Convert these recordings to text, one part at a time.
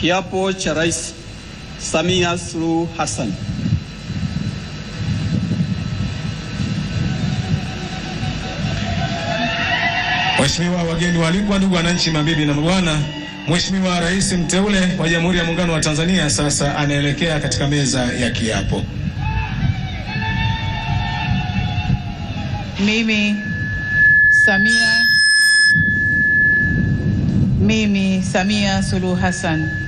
Kiapo cha Rais Samia Suluhu Hassan. Mheshimiwa, wageni waalikwa, ndugu wananchi, mabibi na mabwana, Mheshimiwa Rais mteule wa Jamhuri ya Muungano wa Tanzania sasa anaelekea katika meza ya kiapo. Mimi Samia, mimi Samia Suluhu Hassan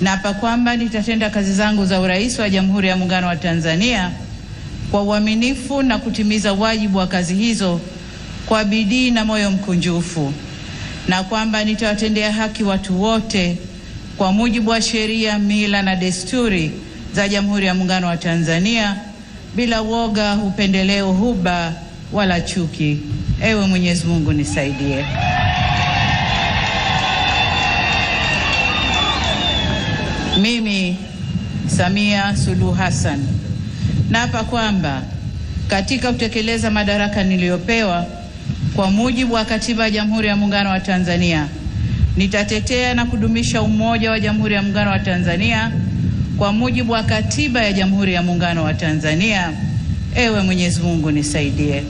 Naapa kwamba nitatenda kazi zangu za urais wa Jamhuri ya Muungano wa Tanzania kwa uaminifu na kutimiza wajibu wa kazi hizo kwa bidii na moyo mkunjufu, na kwamba nitawatendea haki watu wote kwa mujibu wa sheria, mila na desturi za Jamhuri ya Muungano wa Tanzania bila woga, upendeleo, huba wala chuki. Ewe Mwenyezi Mungu nisaidie. Mimi Samia Suluhu Hassan naapa kwamba katika kutekeleza madaraka niliyopewa kwa mujibu wa Katiba ya Jamhuri ya Muungano wa Tanzania nitatetea na kudumisha umoja wa Jamhuri ya Muungano wa Tanzania kwa mujibu wa Katiba ya Jamhuri ya Muungano wa Tanzania. Ewe Mwenyezi Mungu nisaidie.